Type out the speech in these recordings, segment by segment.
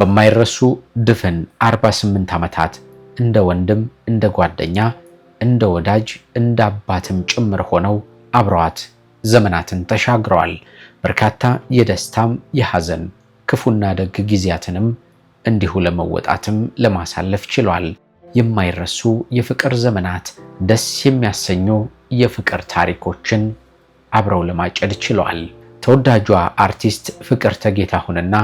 በማይረሱ ድፍን 48 ዓመታት እንደ ወንድም፣ እንደ ጓደኛ፣ እንደ ወዳጅ፣ እንደ አባትም ጭምር ሆነው አብረዋት ዘመናትን ተሻግረዋል። በርካታ የደስታም የሐዘን ክፉና ደግ ጊዜያትንም እንዲሁ ለመወጣትም ለማሳለፍ ችሏል። የማይረሱ የፍቅር ዘመናት፣ ደስ የሚያሰኙ የፍቅር ታሪኮችን አብረው ለማጨድ ችለዋል። ተወዳጇ አርቲስት ፍቅርተ ጌታሁንና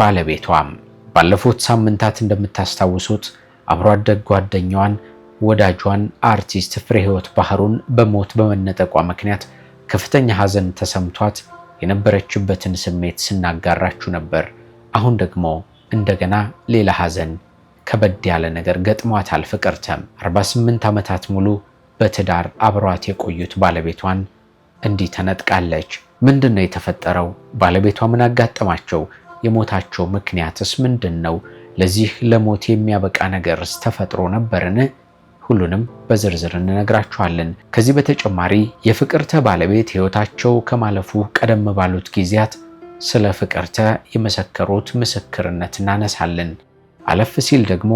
ባለቤቷም ባለፉት ሳምንታት እንደምታስታውሱት አብሮ አደግ ጓደኛዋን ወዳጇን አርቲስት ፍሬ ህይወት ባህሩን በሞት በመነጠቋ ምክንያት ከፍተኛ ሐዘን ተሰምቷት የነበረችበትን ስሜት ስናጋራችሁ ነበር። አሁን ደግሞ እንደገና ሌላ ሐዘን ከበድ ያለ ነገር ገጥሟታል። ፍቅርተም 48 ዓመታት ሙሉ በትዳር አብሯት የቆዩት ባለቤቷን እንዲህ ተነጥቃለች። ምንድን ነው የተፈጠረው? ባለቤቷ ምን አጋጠማቸው? የሞታቸው ምክንያትስ ምንድን ነው? ለዚህ ለሞት የሚያበቃ ነገርስ ተፈጥሮ ነበርን? ሁሉንም በዝርዝር እንነግራችኋለን። ከዚህ በተጨማሪ የፍቅርተ ባለቤት ሕይወታቸው ከማለፉ ቀደም ባሉት ጊዜያት ስለ ፍቅርተ የመሰከሩት ምስክርነት እናነሳለን። አለፍ ሲል ደግሞ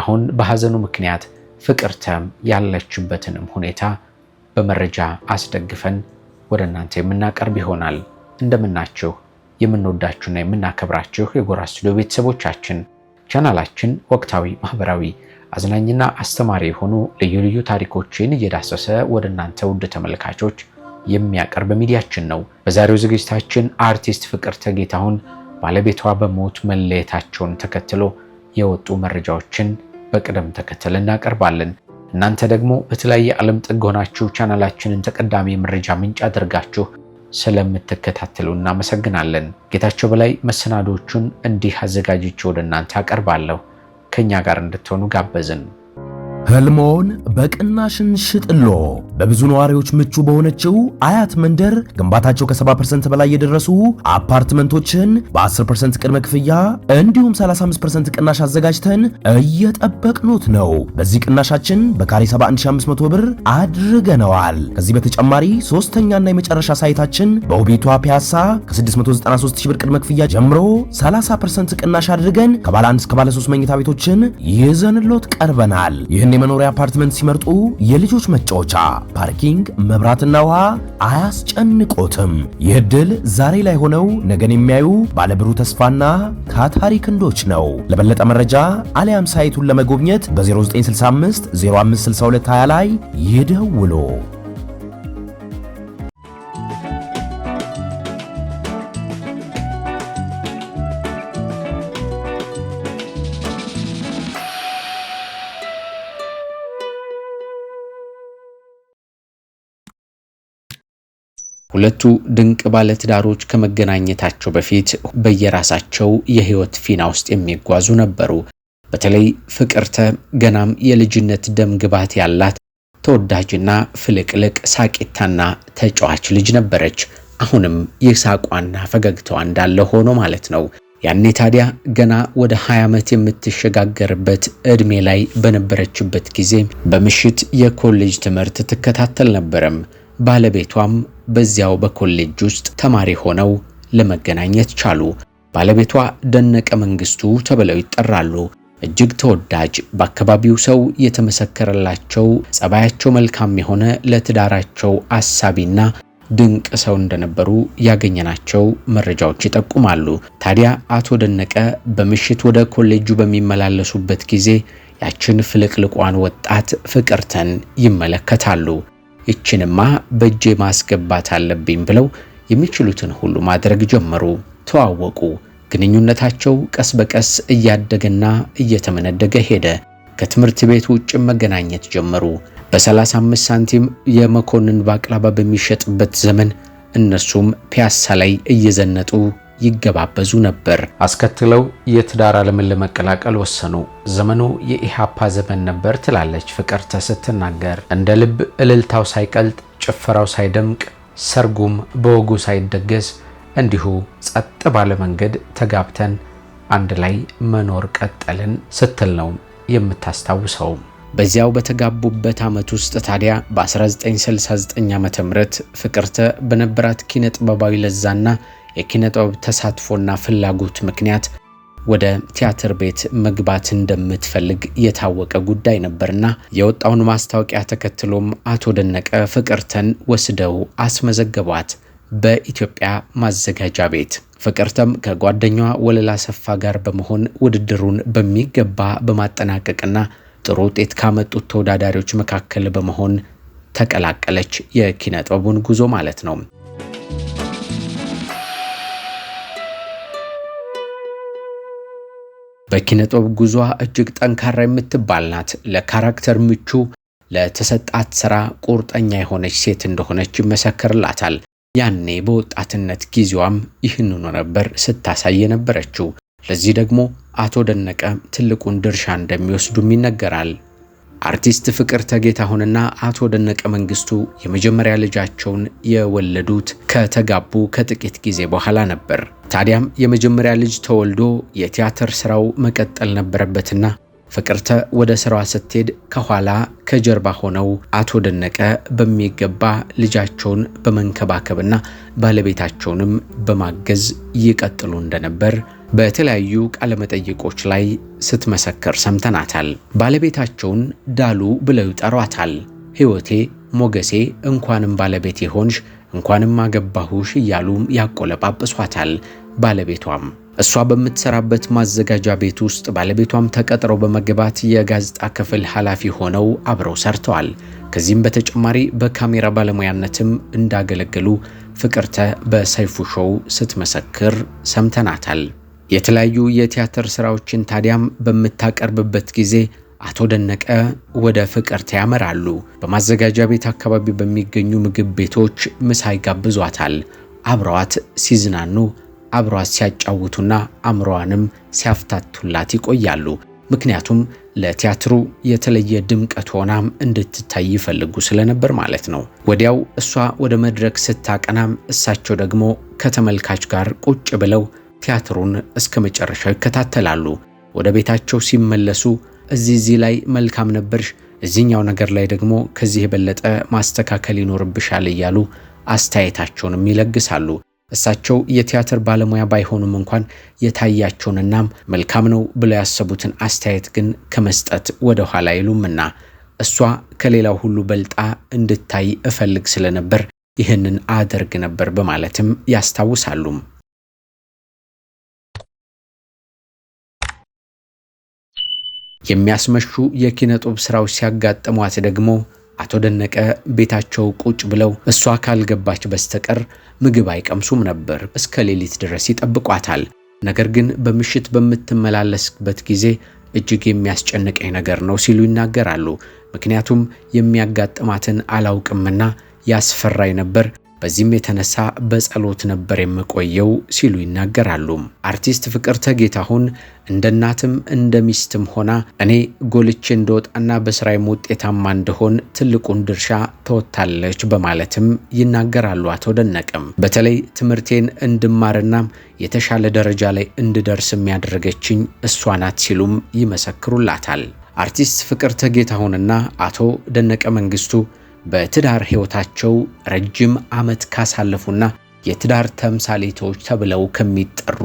አሁን በሐዘኑ ምክንያት ፍቅርተም ያለችበትንም ሁኔታ በመረጃ አስደግፈን ወደ እናንተ የምናቀርብ ይሆናል። እንደምናችሁ የምንወዳችሁና የምናከብራችሁ የጎራ ስቱዲዮ ቤተሰቦቻችን ቻናላችን ወቅታዊ፣ ማህበራዊ፣ አዝናኝና አስተማሪ የሆኑ ልዩ ልዩ ታሪኮችን እየዳሰሰ ወደ እናንተ ውድ ተመልካቾች የሚያቀርብ ሚዲያችን ነው። በዛሬው ዝግጅታችን አርቲስት ፍቅርተ ጌታሁን ባለቤቷ በሞት መለየታቸውን ተከትሎ የወጡ መረጃዎችን በቅደም ተከተል እናቀርባለን። እናንተ ደግሞ በተለያየ ዓለም ጥግ ሆናችሁ ቻናላችንን ተቀዳሚ መረጃ ምንጭ አድርጋችሁ ስለምትከታተሉ እናመሰግናለን። ጌታቸው በላይ መሰናዶቹን እንዲህ አዘጋጅቼ ወደ እናንተ አቀርባለሁ። ከእኛ ጋር እንድትሆኑ ጋበዝን። ህልሞን በቅናሽን ሽጥሎ በብዙ ነዋሪዎች ምቹ በሆነችው አያት መንደር ግንባታቸው ከ70% በላይ የደረሱ አፓርትመንቶችን በ10% ቅድመ ክፍያ እንዲሁም 35% ቅናሽ አዘጋጅተን እየጠበቅኑት ነው። በዚህ ቅናሻችን በካሬ 71500 ብር አድርገነዋል። ከዚህ በተጨማሪ ሶስተኛና የመጨረሻ ሳይታችን በውቢቷ ፒያሳ ከ693000 ብር ቅድመ ክፍያ ጀምሮ 30% ቅናሽ አድርገን ከባለ 1 እስከ ባለ 3 መኝታ ቤቶችን ይዘንሎት ቀርበናል። ይህን የመኖሪያ አፓርትመንት ሲመርጡ የልጆች መጫወቻ፣ ፓርኪንግ፣ መብራትና ውሃ አያስጨንቆትም። ይህ ድል ዛሬ ላይ ሆነው ነገን የሚያዩ ባለብሩህ ተስፋና ታታሪ ክንዶች ነው። ለበለጠ መረጃ አሊያም ሳይቱን ለመጎብኘት በ0965 056220 ላይ ይደውሉ። ሁለቱ ድንቅ ባለትዳሮች ከመገናኘታቸው በፊት በየራሳቸው የህይወት ፊና ውስጥ የሚጓዙ ነበሩ። በተለይ ፍቅርተ ገናም የልጅነት ደም ግባት ያላት ተወዳጅና ፍልቅልቅ ሳቂታና ተጫዋች ልጅ ነበረች። አሁንም የሳቋና ፈገግታዋ እንዳለ ሆኖ ማለት ነው። ያኔ ታዲያ ገና ወደ 20 ዓመት የምትሸጋገርበት እድሜ ላይ በነበረችበት ጊዜ በምሽት የኮሌጅ ትምህርት ትከታተል ነበረም። ባለቤቷም በዚያው በኮሌጅ ውስጥ ተማሪ ሆነው ለመገናኘት ቻሉ። ባለቤቷ ደነቀ መንግስቱ ተብለው ይጠራሉ። እጅግ ተወዳጅ፣ በአካባቢው ሰው የተመሰከረላቸው ጸባያቸው መልካም የሆነ ለትዳራቸው አሳቢና ድንቅ ሰው እንደነበሩ ያገኘናቸው መረጃዎች ይጠቁማሉ። ታዲያ አቶ ደነቀ በምሽት ወደ ኮሌጁ በሚመላለሱበት ጊዜ ያችን ፍልቅልቋን ወጣት ፍቅርተን ይመለከታሉ። ይችንማ በእጄ ማስገባት አለብኝ ብለው የሚችሉትን ሁሉ ማድረግ ጀመሩ። ተዋወቁ። ግንኙነታቸው ቀስ በቀስ እያደገና እየተመነደገ ሄደ። ከትምህርት ቤት ውጭ መገናኘት ጀመሩ። በ35 ሳንቲም የመኮንን ባቅላባ በሚሸጥበት ዘመን እነሱም ፒያሳ ላይ እየዘነጡ ይገባበዙ ነበር። አስከትለው የትዳር ዓለምን ለመቀላቀል ወሰኑ። ዘመኑ የኢሃፓ ዘመን ነበር ትላለች ፍቅርተ ስትናገር። እንደ ልብ እልልታው ሳይቀልጥ፣ ጭፈራው ሳይደምቅ፣ ሰርጉም በወጉ ሳይደገስ እንዲሁ ጸጥ ባለ መንገድ ተጋብተን አንድ ላይ መኖር ቀጠልን ስትል ነው የምታስታውሰው። በዚያው በተጋቡበት ዓመት ውስጥ ታዲያ በ1969 ዓ.ም ፍቅርተ በነበራት ኪነ ጥበባዊ ለዛና የኪነ ጥበብ ተሳትፎና ፍላጎት ምክንያት ወደ ቲያትር ቤት መግባት እንደምትፈልግ የታወቀ ጉዳይ ነበርና የወጣውን ማስታወቂያ ተከትሎም አቶ ደነቀ ፍቅርተን ወስደው አስመዘገቧት በኢትዮጵያ ማዘጋጃ ቤት። ፍቅርተም ከጓደኛዋ ወለላ ሰፋ ጋር በመሆን ውድድሩን በሚገባ በማጠናቀቅና ጥሩ ውጤት ካመጡት ተወዳዳሪዎች መካከል በመሆን ተቀላቀለች። የኪነ ጥበቡን ጉዞ ማለት ነው። በኪነጥበብ ጉዟ እጅግ ጠንካራ የምትባል ናት። ለካራክተር ምቹ፣ ለተሰጣት ስራ ቁርጠኛ የሆነች ሴት እንደሆነች ይመሰክርላታል። ያኔ በወጣትነት ጊዜዋም ይህንኑ ነበር ስታሳይ የነበረችው። ለዚህ ደግሞ አቶ ደነቀ ትልቁን ድርሻ እንደሚወስዱም ይነገራል። አርቲስት ፍቅርተ ጌታሁንና አቶ ደነቀ መንግስቱ የመጀመሪያ ልጃቸውን የወለዱት ከተጋቡ ከጥቂት ጊዜ በኋላ ነበር። ታዲያም የመጀመሪያ ልጅ ተወልዶ የቲያትር ስራው መቀጠል ነበረበትና ፍቅርተ ወደ ስራዋ ስትሄድ ከኋላ ከጀርባ ሆነው አቶ ደነቀ በሚገባ ልጃቸውን በመንከባከብና ባለቤታቸውንም በማገዝ ይቀጥሉ እንደነበር በተለያዩ ቃለመጠይቆች ላይ ስትመሰክር ሰምተናታል። ባለቤታቸውን ዳሉ ብለው ይጠሯታል። ሕይወቴ ሞገሴ፣ እንኳንም ባለቤት የሆንሽ እንኳንም አገባሁሽ እያሉም ያቆለጳጵሷታል። ባለቤቷም እሷ በምትሰራበት ማዘጋጃ ቤት ውስጥ ባለቤቷም ተቀጥረው በመግባት የጋዜጣ ክፍል ኃላፊ ሆነው አብረው ሰርተዋል። ከዚህም በተጨማሪ በካሜራ ባለሙያነትም እንዳገለገሉ ፍቅርተ በሰይፉ ሾው ስትመሰክር ሰምተናታል። የተለያዩ የቲያትር ስራዎችን ታዲያም በምታቀርብበት ጊዜ አቶ ደነቀ ወደ ፍቅርተ ያመራሉ። በማዘጋጃ ቤት አካባቢ በሚገኙ ምግብ ቤቶች ምሳ ይጋብዟታል። አብረዋት ሲዝናኑ፣ አብረዋት ሲያጫውቱና አእምሮዋንም ሲያፍታቱላት ይቆያሉ። ምክንያቱም ለቲያትሩ የተለየ ድምቀት ሆናም እንድትታይ ይፈልጉ ስለነበር ማለት ነው። ወዲያው እሷ ወደ መድረክ ስታቀናም፣ እሳቸው ደግሞ ከተመልካች ጋር ቁጭ ብለው ቲያትሩን እስከ መጨረሻው ይከታተላሉ። ወደ ቤታቸው ሲመለሱ እዚህ እዚህ ላይ መልካም ነበርሽ፣ እዚህኛው ነገር ላይ ደግሞ ከዚህ የበለጠ ማስተካከል ይኖርብሻል እያሉ አስተያየታቸውንም ይለግሳሉ። እሳቸው የቲያትር ባለሙያ ባይሆኑም እንኳን የታያቸውንና መልካም ነው ብለው ያሰቡትን አስተያየት ግን ከመስጠት ወደ ኋላ አይሉምና እሷ ከሌላው ሁሉ በልጣ እንድታይ እፈልግ ስለነበር ይህንን አደርግ ነበር በማለትም ያስታውሳሉም። የሚያስመሹ የኪነ ጡብ ስራዎች ሲያጋጥሟት ደግሞ አቶ ደነቀ ቤታቸው ቁጭ ብለው እሷ ካልገባች በስተቀር ምግብ አይቀምሱም ነበር። እስከ ሌሊት ድረስ ይጠብቋታል። ነገር ግን በምሽት በምትመላለስበት ጊዜ እጅግ የሚያስጨንቀኝ ነገር ነው ሲሉ ይናገራሉ። ምክንያቱም የሚያጋጥማትን አላውቅምና ያስፈራኝ ነበር በዚህም የተነሳ በጸሎት ነበር የምቆየው ሲሉ ይናገራሉ። አርቲስት ፍቅርተ ጌታሁን እንደ እናትም እንደ ሚስትም ሆና እኔ ጎልቼ እንደወጣና በስራዬም ውጤታማ እንደሆን ትልቁን ድርሻ ተወጥታለች በማለትም ይናገራሉ። አቶ ደነቀም በተለይ ትምህርቴን እንድማርና የተሻለ ደረጃ ላይ እንድደርስ የሚያደርገችኝ እሷ ናት ሲሉም ይመሰክሩላታል። አርቲስት ፍቅርተ ጌታሁንና አቶ ደነቀ መንግስቱ በትዳር ሕይወታቸው ረጅም ዓመት ካሳለፉና የትዳር ተምሳሌቶች ተብለው ከሚጠሩ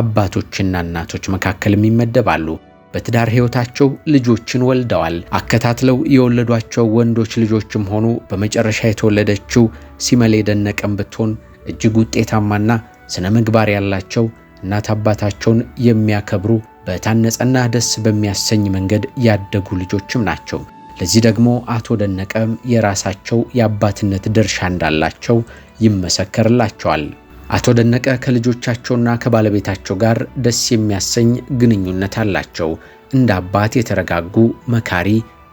አባቶችና እናቶች መካከልም ይመደባሉ። በትዳር ሕይወታቸው ልጆችን ወልደዋል። አከታትለው የወለዷቸው ወንዶች ልጆችም ሆኑ በመጨረሻ የተወለደችው ሲመሌ የደነቀን ብትሆን እጅግ ውጤታማና ስነ ምግባር ያላቸው እናት አባታቸውን የሚያከብሩ በታነጸና ደስ በሚያሰኝ መንገድ ያደጉ ልጆችም ናቸው። ለዚህ ደግሞ አቶ ደነቀም የራሳቸው የአባትነት ድርሻ እንዳላቸው ይመሰከርላቸዋል። አቶ ደነቀ ከልጆቻቸውና ከባለቤታቸው ጋር ደስ የሚያሰኝ ግንኙነት አላቸው። እንደ አባት የተረጋጉ መካሪ፣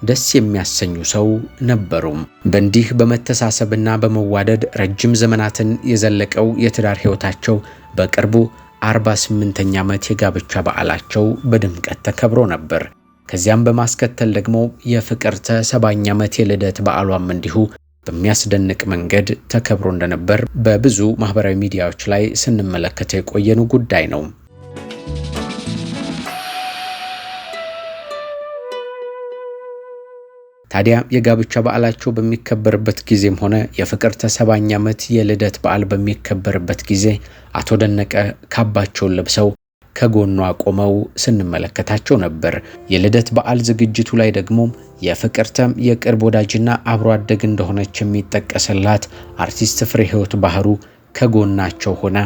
ደስ የሚያሰኙ ሰው ነበሩም። በእንዲህ በመተሳሰብና በመዋደድ ረጅም ዘመናትን የዘለቀው የትዳር ሕይወታቸው በቅርቡ 48ኛ ዓመት የጋብቻ በዓላቸው በድምቀት ተከብሮ ነበር። ከዚያም በማስከተል ደግሞ የፍቅርተ ሰባኛ ዓመት የልደት በዓሏም እንዲሁ በሚያስደንቅ መንገድ ተከብሮ እንደነበር በብዙ ማህበራዊ ሚዲያዎች ላይ ስንመለከተ የቆየኑ ጉዳይ ነው። ታዲያ የጋብቻ በዓላቸው በሚከበርበት ጊዜም ሆነ የፍቅርተ ሰባኛ ዓመት የልደት በዓል በሚከበርበት ጊዜ አቶ ደነቀ ካባቸውን ለብሰው ከጎኗ ቆመው ስንመለከታቸው ነበር። የልደት በዓል ዝግጅቱ ላይ ደግሞ የፍቅርተም የቅርብ ወዳጅና አብሮ አደግ እንደሆነች የሚጠቀስላት አርቲስት ፍሬ ህይወት ባህሩ ከጎናቸው ሆና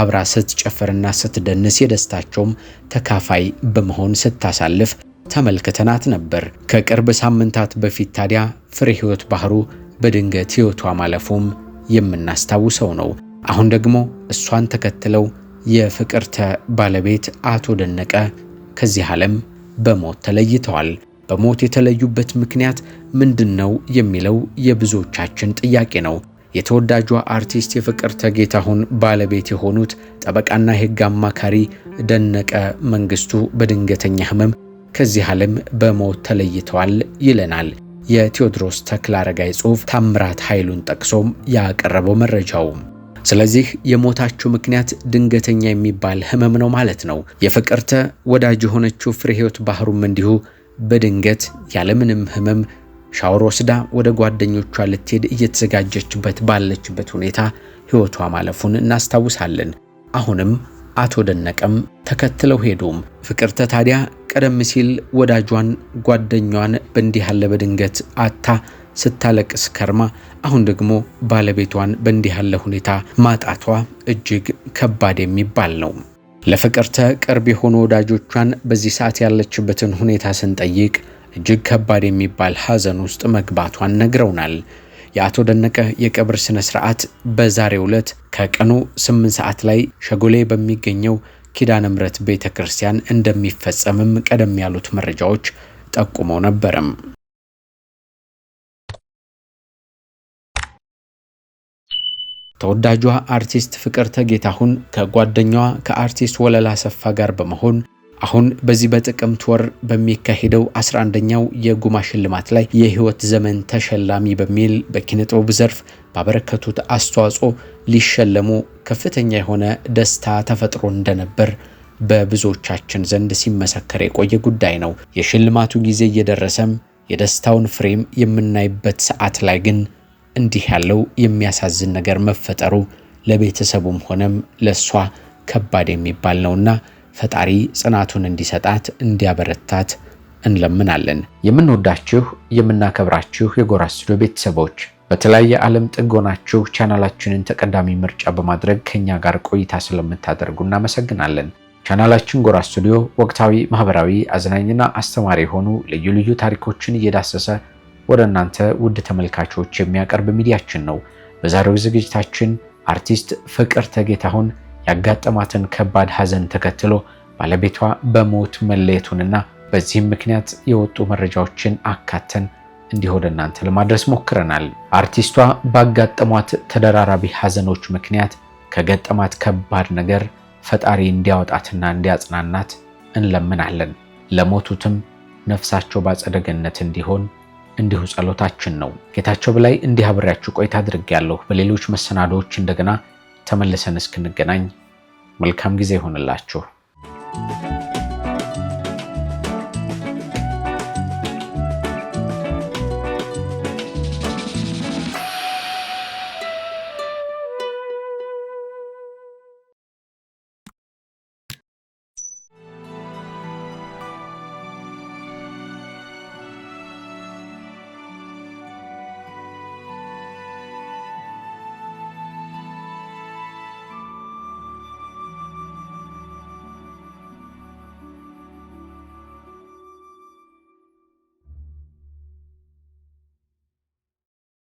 አብራ ስትጨፍርና ስትደንስ የደስታቸውም ተካፋይ በመሆን ስታሳልፍ ተመልክተናት ነበር። ከቅርብ ሳምንታት በፊት ታዲያ ፍሬ ህይወት ባህሩ በድንገት ህይወቷ ማለፉም የምናስታውሰው ነው። አሁን ደግሞ እሷን ተከትለው የፍቅርተ ባለቤት አቶ ደነቀ ከዚህ ዓለም በሞት ተለይተዋል። በሞት የተለዩበት ምክንያት ምንድን ነው የሚለው የብዙዎቻችን ጥያቄ ነው። የተወዳጇ አርቲስት የፍቅርተ ጌታሁን ባለቤት የሆኑት ጠበቃና የሕግ አማካሪ ደነቀ መንግስቱ በድንገተኛ ህመም ከዚህ ዓለም በሞት ተለይተዋል ይለናል የቴዎድሮስ ተክለ አረጋይ ጽሑፍ ታምራት ኃይሉን ጠቅሶም ያቀረበው መረጃው ስለዚህ የሞታችሁ ምክንያት ድንገተኛ የሚባል ህመም ነው ማለት ነው። የፍቅርተ ወዳጅ የሆነችው ፍሬ ህይወት ባህሩም እንዲሁ በድንገት ያለምንም ህመም ሻወር ወስዳ ወደ ጓደኞቿ ልትሄድ እየተዘጋጀችበት ባለችበት ሁኔታ ህይወቷ ማለፉን እናስታውሳለን። አሁንም አቶ ደነቀም ተከትለው ሄዱም። ፍቅርተ ታዲያ ቀደም ሲል ወዳጇን ጓደኛዋን በእንዲህ ያለ በድንገት አታ ስታለቅስ ከርማ አሁን ደግሞ ባለቤቷን በእንዲህ ያለ ሁኔታ ማጣቷ እጅግ ከባድ የሚባል ነው። ለፍቅርተ ቅርብ የሆኑ ወዳጆቿን በዚህ ሰዓት ያለችበትን ሁኔታ ስንጠይቅ እጅግ ከባድ የሚባል ሐዘን ውስጥ መግባቷን ነግረውናል። የአቶ ደነቀ የቀብር ስነ ስርዓት በዛሬ ዕለት ከቀኑ 8 ሰዓት ላይ ሸጎሌ በሚገኘው ኪዳነ ምሕረት ቤተ ክርስቲያን እንደሚፈጸምም ቀደም ያሉት መረጃዎች ጠቁመው ነበረም። ተወዳጇ አርቲስት ፍቅርተ ጌታሁን ከጓደኛዋ ከአርቲስት ወለላ ሰፋ ጋር በመሆን አሁን በዚህ በጥቅምት ወር በሚካሄደው 11ኛው የጉማ ሽልማት ላይ የህይወት ዘመን ተሸላሚ በሚል በኪነጥበብ ዘርፍ ባበረከቱት አስተዋጽኦ ሊሸለሙ ከፍተኛ የሆነ ደስታ ተፈጥሮ እንደነበር በብዙዎቻችን ዘንድ ሲመሰከር የቆየ ጉዳይ ነው። የሽልማቱ ጊዜ እየደረሰም የደስታውን ፍሬም የምናይበት ሰዓት ላይ ግን እንዲህ ያለው የሚያሳዝን ነገር መፈጠሩ ለቤተሰቡም ሆነም ለእሷ ከባድ የሚባል ነውና ፈጣሪ ጽናቱን እንዲሰጣት እንዲያበረታት እንለምናለን። የምንወዳችሁ የምናከብራችሁ የጎራ ስቱዲዮ ቤተሰቦች በተለያየ ዓለም ጥግ ሆናችሁ ቻናላችንን ተቀዳሚ ምርጫ በማድረግ ከኛ ጋር ቆይታ ስለምታደርጉ እናመሰግናለን። ቻናላችን ጎራ ስቱዲዮ ወቅታዊ፣ ማህበራዊ፣ አዝናኝና አስተማሪ የሆኑ ልዩ ልዩ ታሪኮችን እየዳሰሰ ወደ እናንተ ውድ ተመልካቾች የሚያቀርብ ሚዲያችን ነው። በዛሬው ዝግጅታችን አርቲስት ፍቅርተ ጌታሁን ያጋጠማትን ከባድ ሐዘን ተከትሎ ባለቤቷ በሞት መለየቱንና በዚህም ምክንያት የወጡ መረጃዎችን አካተን እንዲህ ወደ እናንተ ለማድረስ ሞክረናል። አርቲስቷ ባጋጠሟት ተደራራቢ ሐዘኖች ምክንያት ከገጠማት ከባድ ነገር ፈጣሪ እንዲያወጣትና እንዲያጽናናት እንለምናለን። ለሞቱትም ነፍሳቸው ባጸደ ገነት እንዲሆን እንዲሁ ጸሎታችን ነው። ጌታቸው በላይ እንዲህ አብሬያችሁ ቆይታ አድርጌያለሁ። በሌሎች መሰናዶዎች እንደገና ተመልሰን እስክንገናኝ መልካም ጊዜ ይሆንላችሁ።